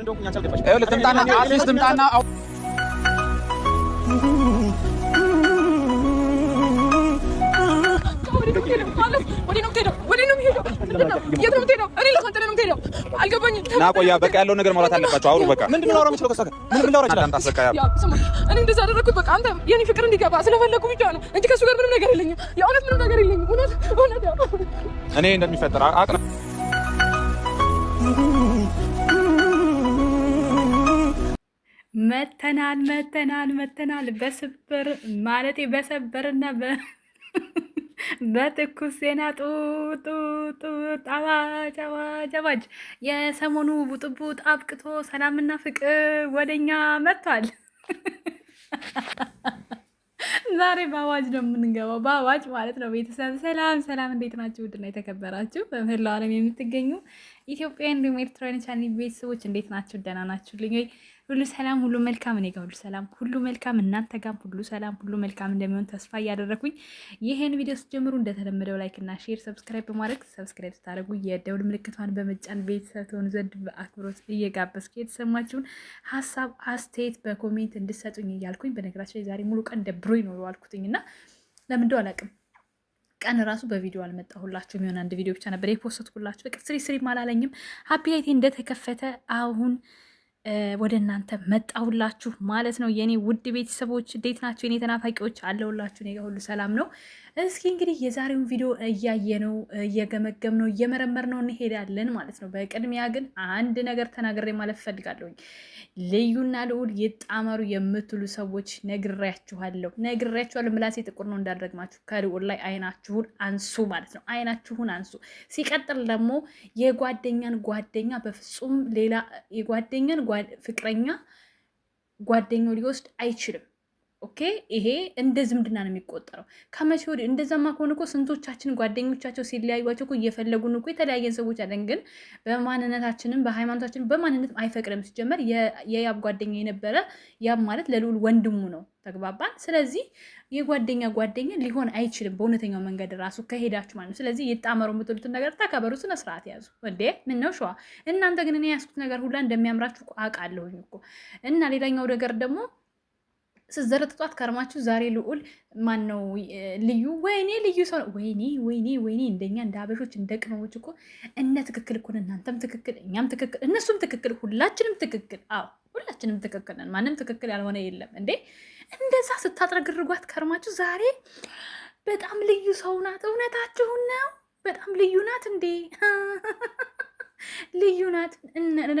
ልትምጣና አትሊስት በቃ ያለው ነገር ማውራት አለባቸው። አውሩ በቃ ምንድን ነው የምችለው? ከእሷ ጋር ምንድን ነው የምችለው? እኔ እንደዛ አደረግኩት በቃ አንተ የኔ ፍቅር እንዲገባ ስለፈለኩ ብቻ ነው እንጂ ከእሱ ጋር ምንም ነገር የለኝም። የእውነት ምንም ነገር የለኝም። እውነት እውነት እኔ እንደሚፈጠር አቅ መተናል መተናል መተናል በስብር ማለት በሰበርና በትኩስ ዜና ጡጡጡ አዋጅ አዋጅ አዋጅ የሰሞኑ ቡጥቡጥ አብቅቶ ሰላምና ፍቅር ወደኛ መጥቷል። ዛሬ በአዋጅ ነው የምንገባው፣ በአዋጅ ማለት ነው። ቤተሰብ ሰላም ሰላም፣ እንዴት ናችሁ? ውድና የተከበራችሁ በመላው ዓለም የምትገኙ ኢትዮጵያ እንዲሁም ኤርትራውያን ቻኔ ቤተሰቦች እንዴት ናቸው? ደህና ናችሁልኝ ወይ? ሁሉ ሰላም፣ ሁሉ መልካም፣ እኔ ጋር ሁሉ ሰላም፣ ሁሉ መልካም፣ እናንተ ጋር ሁሉ ሰላም፣ ሁሉ መልካም እንደሚሆን ተስፋ እያደረኩኝ ይህን ቪዲዮ ስትጀምሩ እንደተለመደው ላይክ እና ሼር፣ ሰብስክራይብ በማድረግ ሰብስክራይብ ስታደርጉ የደውል ምልክቷን በመጫን ቤተሰብ ትሆኑ ዘንድ በአክብሮት እየጋበዝኩ የተሰማችሁን ሀሳብ አስተያየት በኮሜንት እንድሰጡኝ እያልኩኝ በነገራችን ላይ ዛሬ ሙሉ ቀን ደብሮ ይኖሩ አልኩትኝ እና ለምንደው አላውቅም ቀን ራሱ በቪዲዮ አልመጣሁላችሁም። የሆነ አንድ ቪዲዮ ብቻ ነበር የፖስትኩላችሁ። በቃ ስሪ ስሪ አላለኝም። ሀፒ ላይቴ እንደተከፈተ አሁን ወደ እናንተ መጣሁላችሁ ማለት ነው። የኔ ውድ ቤተሰቦች እንዴት ናቸው? የኔ ተናፋቂዎች አለሁላችሁ። እኔ ሁሉ ሰላም ነው። እስኪ እንግዲህ የዛሬውን ቪዲዮ እያየነው እየገመገምነው እየመረመርነው እንሄዳለን ማለት ነው። በቅድሚያ ግን አንድ ነገር ተናግሬ ማለት ፈልጋለሁኝ። ልዩና ልዑል ይጣመሩ የምትሉ ሰዎች ነግሬያችኋለሁ፣ ነግሬያችኋለሁ። ምላሴ ጥቁር ነው እንዳደረግማችሁ። ከልዑል ላይ አይናችሁን አንሱ ማለት ነው። አይናችሁን አንሱ። ሲቀጥል ደግሞ የጓደኛን ጓደኛ በፍጹም ሌላ የጓደኛን ፍቅረኛ ጓደኛው ሊወስድ አይችልም። ኦኬ ይሄ እንደ ዝምድና ነው የሚቆጠረው። ከመቼ ወዲህ እንደዛማ ከሆነ እኮ ስንቶቻችን ጓደኞቻቸው ሲለያዩቸው እየፈለጉን እኮ የተለያየን ሰዎች አለን። ግን በማንነታችንም በሃይማኖታችንም በማንነትም አይፈቅድም። ሲጀመር የያብ ጓደኛ የነበረ ያብ ማለት ለልዑል ወንድሙ ነው። ተግባባን። ስለዚህ የጓደኛ ጓደኛ ሊሆን አይችልም፣ በእውነተኛው መንገድ ራሱ ከሄዳችሁ ማለት ነው። ስለዚህ ይጣመሩ የምትሉትን ነገር ተከበሩ፣ ስነ ስርዓት ያዙ። ወዴ ምን ነው ሸዋ እናንተ ግን እኔ ያስኩት ነገር ሁላ እንደሚያምራችሁ አውቃለሁኝ እኮ እና ሌላኛው ነገር ደግሞ ስዘረጥጧት ከርማችሁ ዛሬ ልዑል ማን ነው ልዩ ወይኔ ልዩ ሰው ወይኔ ወይኔ ወይኔ እንደኛ እንደ አበሾች እንደ ቅመሞች እኮ እነ ትክክል እኮ እናንተም ትክክል እኛም ትክክል እነሱም ትክክል ሁላችንም ትክክል አዎ ሁላችንም ትክክል ነን ማንም ትክክል ያልሆነ የለም እንዴ እንደዛ ስታጥረግርጓት ከርማችሁ ዛሬ በጣም ልዩ ሰው ናት እውነታችሁን ነው በጣም ልዩ ናት እንዴ ልዩ ናት።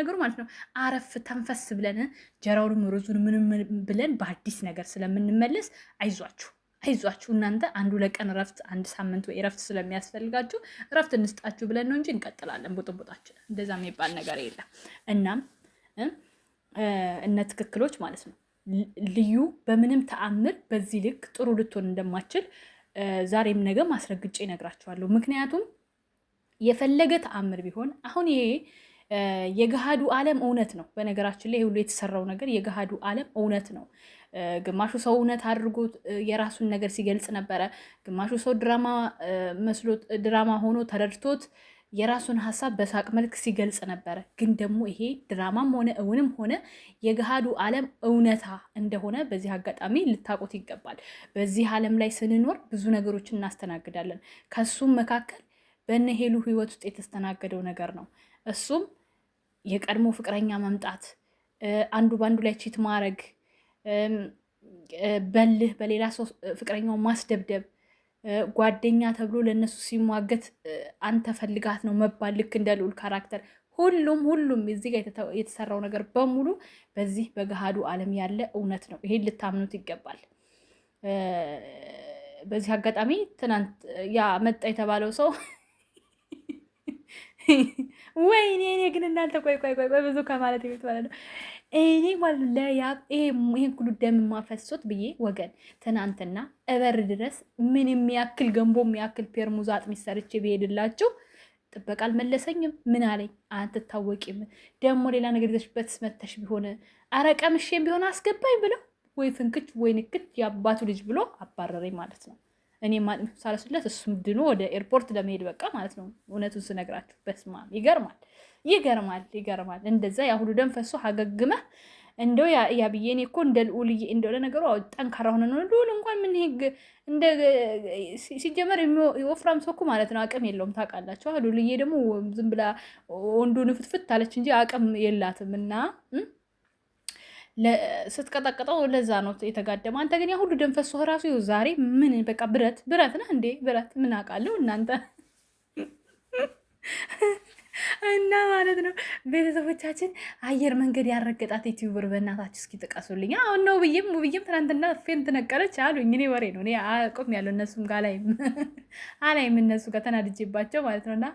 ነገሩ ማለት ነው አረፍ ተንፈስ ብለን ጀራውን ሩዙን ምንም ብለን በአዲስ ነገር ስለምንመለስ አይዟችሁ አይዟችሁ እናንተ አንዱ ለቀን እረፍት አንድ ሳምንት ወይ እረፍት ስለሚያስፈልጋችሁ እረፍት እንስጣችሁ ብለን ነው እንጂ እንቀጥላለን ቦጥቦጣችን። እንደዛ የሚባል ነገር የለም። እናም እነ ትክክሎች ማለት ነው ልዩ በምንም ተአምር በዚህ ልክ ጥሩ ልትሆን እንደማችል ዛሬም ነገ ማስረግጬ ይነግራችኋለሁ። ምክንያቱም የፈለገ ተአምር ቢሆን አሁን ይሄ የገሃዱ ዓለም እውነት ነው። በነገራችን ላይ ሁሉ የተሰራው ነገር የገሃዱ ዓለም እውነት ነው። ግማሹ ሰው እውነት አድርጎ የራሱን ነገር ሲገልጽ ነበረ። ግማሹ ሰው ድራማ መስሎት ድራማ ሆኖ ተረድቶት የራሱን ሀሳብ በሳቅ መልክ ሲገልጽ ነበረ። ግን ደግሞ ይሄ ድራማም ሆነ እውንም ሆነ የገሃዱ ዓለም እውነታ እንደሆነ በዚህ አጋጣሚ ልታውቁት ይገባል። በዚህ ዓለም ላይ ስንኖር ብዙ ነገሮችን እናስተናግዳለን። ከሱም መካከል በነሄሉ ሄሉ ህይወት ውስጥ የተስተናገደው ነገር ነው። እሱም የቀድሞ ፍቅረኛ መምጣት፣ አንዱ በአንዱ ላይ ቺት ማድረግ፣ በልህ በሌላ ሰው ፍቅረኛው ማስደብደብ፣ ጓደኛ ተብሎ ለእነሱ ሲሟገት አንተ ፈልጋት ነው መባል፣ ልክ እንደ ልዑል ካራክተር ሁሉም ሁሉም እዚህ ጋር የተሰራው ነገር በሙሉ በዚህ በገሃዱ ዓለም ያለ እውነት ነው። ይሄን ልታምኑት ይገባል። በዚህ አጋጣሚ ትናንት ያ መጣ የተባለው ሰው ወይኔ እኔ ግን እናንተ ቆይ ቆይ ቆይ ብዙ ከማለት ቤት ማለት ነው። እኔ ማለት ለያብ ይሄን ሁሉ ደም ማፈሶት ብዬ ወገን ትናንትና እበር ድረስ ምን የሚያክል ገንቦ የሚያክል ፔርሙዝ አጥሚት ሰርቼ ብሄድላችሁ ጥበቃ አልመለሰኝም። ምን አለኝ? አትታወቂም ደግሞ ሌላ ነገር ይዘሽበት ስመተሽ ቢሆን አረቀምሼም ቢሆን አስገባኝ ብለው ወይ ፍንክች ወይ ንክች የአባቱ ልጅ ብሎ አባረረኝ ማለት ነው። እኔ ማጥንቱ ሳለስለት እሱም ድኖ ወደ ኤርፖርት ለመሄድ በቃ ማለት ነው። እውነቱን ስነግራችሁ በስማ ይገርማል፣ ይገርማል፣ ይገርማል። እንደዛ ያ ሁሉ ደም ፈሶ አገግመህ እንደው ያብዬ እኔ እኮ እንደ ልዑልዬ እንደው ለነገሩ ጠንካራ ሆነ ነው። ልዑል እንኳን ምን ህግ እንደ ሲጀመር ወፍራም ሰው እኮ ማለት ነው አቅም የለውም ታውቃላችሁ። ልዑልዬ ደግሞ ዝም ብላ ወንዱን ፍትፍት አለች እንጂ አቅም የላትም እና ስትቀጠቅጠው ለዛ ነው የተጋደመ። አንተ ግን ያ ሁሉ ደም ፈሶህ ራሱ ይኸው ዛሬ ምን በቃ ብረት ብረት ነህ እንዴ? ብረት ምን አውቃለሁ እናንተ እና ማለት ነው ቤተሰቦቻችን፣ አየር መንገድ ያረገጣት ዩቲዩበር በእናታችሁ እስኪ ጥቀሱልኝ። አሁን ነው ብዬም ውብዬም ትናንትና ፌን ትነቀለች አሉኝ። እኔ ወሬ ነው እኔ አቆም ያለው እነሱም ጋር ላይም አላይም እነሱ ጋር ተናድጄባቸው ማለት ነው። እና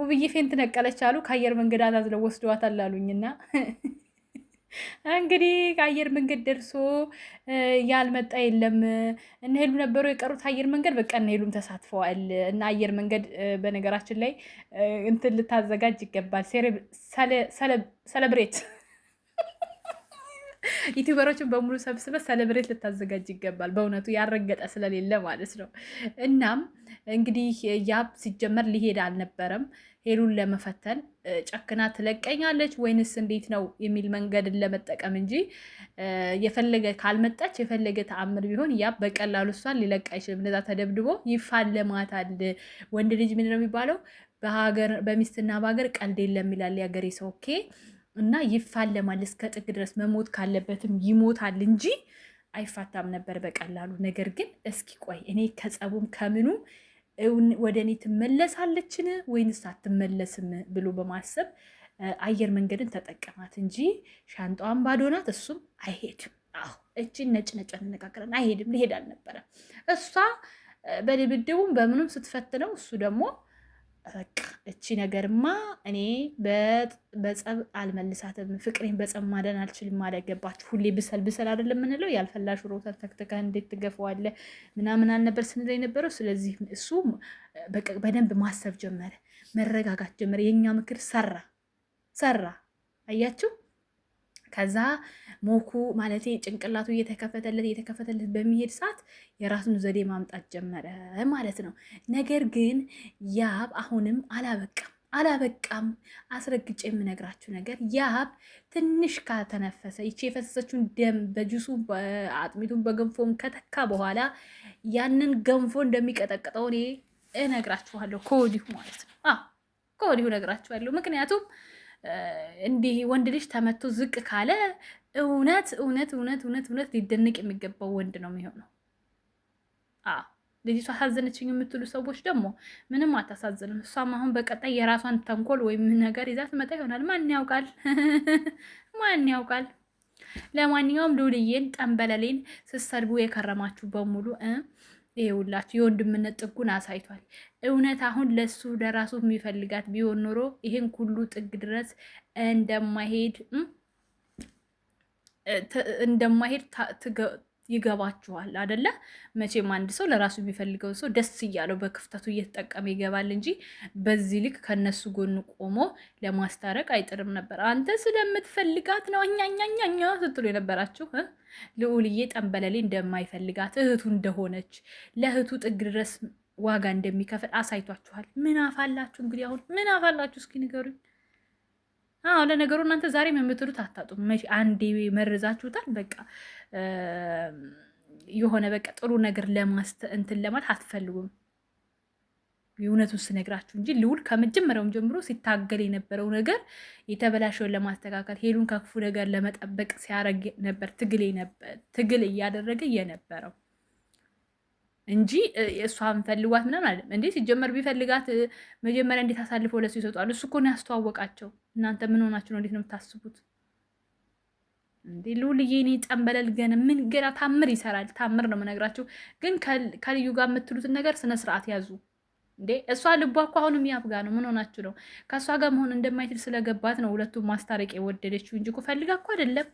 ውብዬ ፌን ትነቀለች አሉ ከአየር መንገድ አዛዝለው ወስደዋታል አሉኝ እና እንግዲህ አየር መንገድ ደርሶ ያልመጣ የለም። እነ ሄሉ ነበሩ የቀሩት አየር መንገድ በቃ እነ ሄሉም ተሳትፈዋል። እና አየር መንገድ በነገራችን ላይ እንትን ልታዘጋጅ ይገባል። ሰለብሬት ዩቲዩበሮችን በሙሉ ሰብስበ ሰለብሬት ልታዘጋጅ ይገባል። በእውነቱ ያረገጠ ስለሌለ ማለት ነው። እናም እንግዲህ ያብ ሲጀመር ሊሄድ አልነበረም። ሄሉን ለመፈተን ጨክና ትለቀኛለች ወይንስ እንዴት ነው የሚል መንገድን ለመጠቀም እንጂ የፈለገ ካልመጣች የፈለገ ተአምር ቢሆን ያብ በቀላሉ እሷን ሊለቅ አይችልም። እንደዛ ተደብድቦ ይፋለማታል። ወንድ ልጅ ምንድን ነው የሚባለው? በሚስትና በሀገር ቀልድ የለም ይላል ሰው። ኦኬ እና ይፋለማል እስከ ጥግ ድረስ መሞት ካለበትም ይሞታል እንጂ አይፋታም ነበር በቀላሉ። ነገር ግን እስኪ ቆይ እኔ ከጸቡም ከምኑ ወደ እኔ ትመለሳለችን ወይንስ አትመለስም ብሎ በማሰብ አየር መንገድን ተጠቀማት እንጂ ሻንጣዋን ባዶ ናት። እሱም አይሄድም። አዎ እቺን ነጭ ነጭ አነጋገረን አይሄድም። ሊሄድ አልነበረም። እሷ በድብድቡም በምኑም ስትፈትነው እሱ ደግሞ በቃ እቺ ነገርማ እኔ በጸብ አልመልሳትም፣ ፍቅሬን በጸብ ማደን አልችልም። አለገባችሁ ሁሌ ብሰል ብሰል አይደለም ምንለው ያልፈላሽ ሮተር ተክተከህ እንዴት ትገፈዋለ ምናምን አልነበር ስንል የነበረው። ስለዚህ እሱ በደንብ ማሰብ ጀመረ፣ መረጋጋት ጀመረ። የእኛ ምክር ሰራ ሰራ። አያችሁ። ከዛ ሞኩ ማለት ጭንቅላቱ እየተከፈተለት እየተከፈተለት በሚሄድ ሰዓት የራሱን ዘዴ ማምጣት ጀመረ ማለት ነው። ነገር ግን ያብ አሁንም አላበቃም አላበቃም። አስረግጬ የምነግራችሁ ነገር ያብ ትንሽ ካተነፈሰ ይቺ የፈሰሰችውን ደም በጁሱ አጥሚቱን በገንፎም ከተካ በኋላ ያንን ገንፎ እንደሚቀጠቅጠው እኔ እነግራችኋለሁ ከወዲሁ ማለት ነው። ከወዲሁ እነግራችኋለሁ ምክንያቱም እንዲህ ወንድ ልጅ ተመቶ ዝቅ ካለ እውነት እውነት እውነት እውነት እውነት ሊደነቅ የሚገባው ወንድ ነው የሚሆነው። አዎ ልጅቷ አሳዘነችኝ የምትሉ ሰዎች ደግሞ ምንም አታሳዝንም። እሷም አሁን በቀጣይ የራሷን ተንኮል ወይም ነገር ይዛ ትመጣ ይሆናል። ማን ያውቃል? ማን ያውቃል? ለማንኛውም ልውልዬን ጠንበለሌን ስትሰድቡ የከረማችሁ በሙሉ ይኸውላችሁ የወንድምነት ጥጉን አሳይቷል። እውነት አሁን ለሱ ለራሱ የሚፈልጋት ቢሆን ኖሮ ይሄን ሁሉ ጥግ ድረስ እንደማይሄድ እንደማይሄድ ይገባችኋል አደለ? መቼም አንድ ሰው ለራሱ የሚፈልገው ሰው ደስ እያለው በክፍተቱ እየተጠቀመ ይገባል እንጂ በዚህ ልክ ከነሱ ጎን ቆሞ ለማስታረቅ አይጥርም ነበር። አንተ ስለምትፈልጋት ነው እኛኛኛኛ ስትሉ የነበራችሁ ልዑልዬ ጠንበለሌ እንደማይፈልጋት እህቱ እንደሆነች ለእህቱ ጥግ ድረስ ዋጋ እንደሚከፍል አሳይቷችኋል። ምን አፋላችሁ እንግዲህ አሁን ምን አፋላችሁ እስኪ ንገሩኝ። ለነገሩ እናንተ ዛሬም የምትሉት አታጡም። አንዴ መርዛችሁታል። በቃ የሆነ በቃ ጥሩ ነገር ለማስተ እንትን ለማለት አትፈልጉም። የእውነቱን ስነግራችሁ እንጂ ልውል ከመጀመሪያውም ጀምሮ ሲታገል የነበረው ነገር የተበላሸውን ለማስተካከል ሄሉን ከክፉ ነገር ለመጠበቅ ሲያደርግ ነበር ትግል እያደረገ የነበረው እንጂ እሷን ፈልጓት ምናምን አለ እንዴ? ሲጀመር ቢፈልጋት መጀመሪያ እንዴት አሳልፈው ለሱ ይሰጧል? እሱ እኮ ነው ያስተዋወቃቸው። እናንተ ምን ሆናችሁ ነው? እንዴት ነው የምታስቡት? እንዴ ልውልዬ፣ እኔ ጠንበለል ገን ምን ገና ታምር ይሰራል። ታምር ነው የምነግራችሁ። ግን ከልዩ ጋር የምትሉትን ነገር ስነ ስርዓት ያዙ። እንዴ እሷ ልቧ እኮ አሁንም ያብ ጋር ነው። ምን ሆናችሁ ነው? ከእሷ ጋር መሆን እንደማይችል ስለገባት ነው ሁለቱ ማስታረቅ የወደደችው እንጂ እኮ ፈልጋ እኮ አይደለም።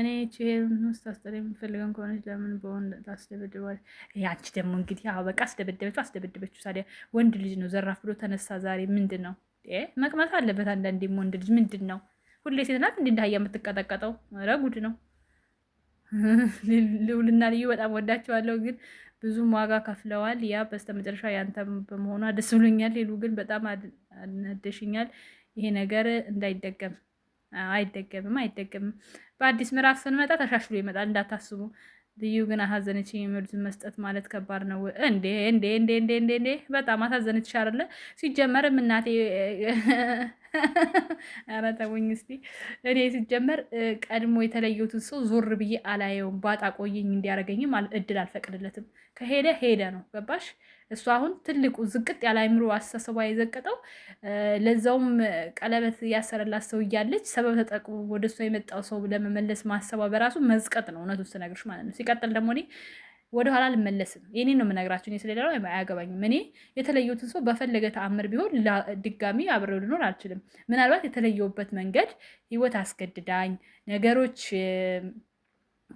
እኔ ችሄን ውስጥ አስጠር የምፈልገን ከሆነች ለምን በወንድ ታስደበድባል? አንቺ ደግሞ እንግዲህ በቃ አስደበደበችው አስደበደበችው። ታዲያ ወንድ ልጅ ነው ዘራፍ ብሎ ተነሳ። ዛሬ ምንድን ነው መቅመት አለበት። አንዳንዴም ወንድ ልጅ ምንድን ነው ሁሌ ሴት ናት እንዲ እንዳህያ የምትቀጠቀጠው? ኧረ ጉድ ነው። ልውልና ልዩ በጣም ወዳቸዋለሁ፣ ግን ብዙም ዋጋ ከፍለዋል። ያ በስተመጨረሻ ያንተ በመሆኗ ደስ ብሎኛል። ሌሉ ግን በጣም አነደሽኛል ይሄ ነገር እንዳይደገም አይደገምም አይደገምም። በአዲስ ምዕራፍ ስንመጣ ተሻሽሎ ይመጣል እንዳታስቡ። ልዩ ግን አሳዘነችኝ የሚሉትን መስጠት ማለት ከባድ ነው እንዴ? እንዴ እንዴ እንዴ እንዴ እንዴ! በጣም አሳዘነች አይደለ? ሲጀመርም እናቴ ኧረ ተውኝ እስኪ። እኔ ሲጀመር ቀድሞ የተለየሁትን ሰው ዞር ብዬ አላየውም። ባጣ ቆየኝ እንዲያደርገኝም እድል አልፈቅድለትም። ከሄደ ሄደ ነው። ገባሽ? እሱ አሁን ትልቁ ዝቅጥ ያለ አይምሮ አስተሳሰቧ የዘቀጠው ለዛውም ቀለበት ያሰረላት ሰው እያለች ሰበብ ተጠቅሞ ወደ እሷ የመጣው ሰው ለመመለስ ማሰቧ በራሱ መዝቀጥ ነው፣ እውነቱን ስነግርሽ ማለት ነው። ሲቀጥል ደግሞ እኔ ወደኋላ አልመለስም። የኔን ነው የምነግራቸው። እኔ ስለሌላው አያገባኝም። እኔ የተለየሁትን ሰው በፈለገ ተአምር ቢሆን ድጋሚ አብረው ልኖር አልችልም። ምናልባት የተለየሁበት መንገድ ህይወት አስገድዳኝ ነገሮች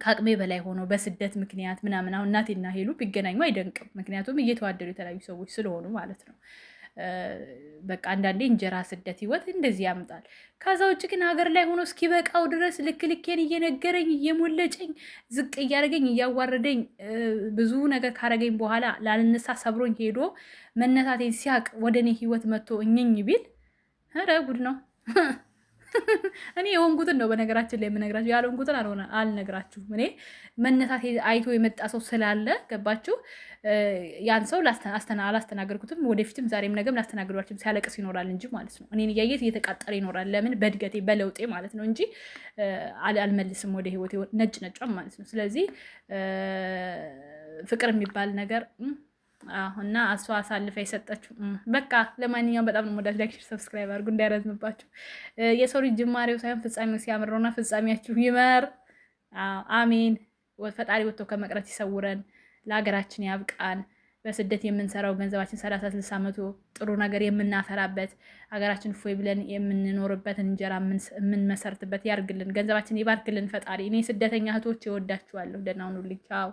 ከአቅሜ በላይ ሆኖ በስደት ምክንያት ምናምን አሁን እናቴና ሄሉ ቢገናኙ አይደንቅም። ምክንያቱም እየተዋደዱ የተለያዩ ሰዎች ስለሆኑ ማለት ነው። በቃ አንዳንዴ እንጀራ ስደት ህይወት እንደዚህ ያምጣል። ከዛ ውጭ ግን ሀገር ላይ ሆኖ እስኪበቃው ድረስ ልክ ልኬን እየነገረኝ እየሞለጨኝ ዝቅ እያደረገኝ እያዋረደኝ ብዙ ነገር ካረገኝ በኋላ ላልነሳ ሰብሮኝ ሄዶ መነሳቴን ሲያቅ ወደ እኔ ህይወት መጥቶ እኝኝ ቢል ኧረ ጉድ ነው። እኔ የሆንኩትን ነው በነገራችን ላይ የምነግራችሁ፣ ያልሆንኩትን አልነግራችሁም። እኔ መነሳት አይቶ የመጣ ሰው ስላለ ገባችሁ? ያን ሰው አላስተናገርኩትም። ወደፊትም ዛሬም ነገም ላስተናግዷችሁም ሲያለቅስ ይኖራል እንጂ ማለት ነው። እኔን እያየት እየተቃጠለ ይኖራል። ለምን በእድገቴ በለውጤ ማለት ነው እንጂ አልመልስም ወደ ህይወቴ ነጭ ነጫም ማለት ነው። ስለዚህ ፍቅር የሚባል ነገር እና እሷ አሳልፈ የሰጠችው በቃ ለማንኛውም በጣም ነው ወዳጅ። ላይክ፣ ሰብስክራይብ አድርጉ እንዳይረዝምባችሁ። የሰው ልጅ ጅማሬው ሳይሆን ፍጻሜው ሲያምረውና ፍጻሜያችሁ ይመር። አሜን። ፈጣሪ ወጥቶ ከመቅረት ይሰውረን፣ ለሀገራችን ያብቃን። በስደት የምንሰራው ገንዘባችን ሰላሳ ስልሳ መቶ ጥሩ ነገር የምናፈራበት ሀገራችን ፎይ ብለን የምንኖርበት እንጀራ የምንመሰርትበት ያርግልን። ገንዘባችን ይባርክልን ፈጣሪ። እኔ ስደተኛ እህቶች እወዳችኋለሁ። ደህና ሁኑልኝ። ቻው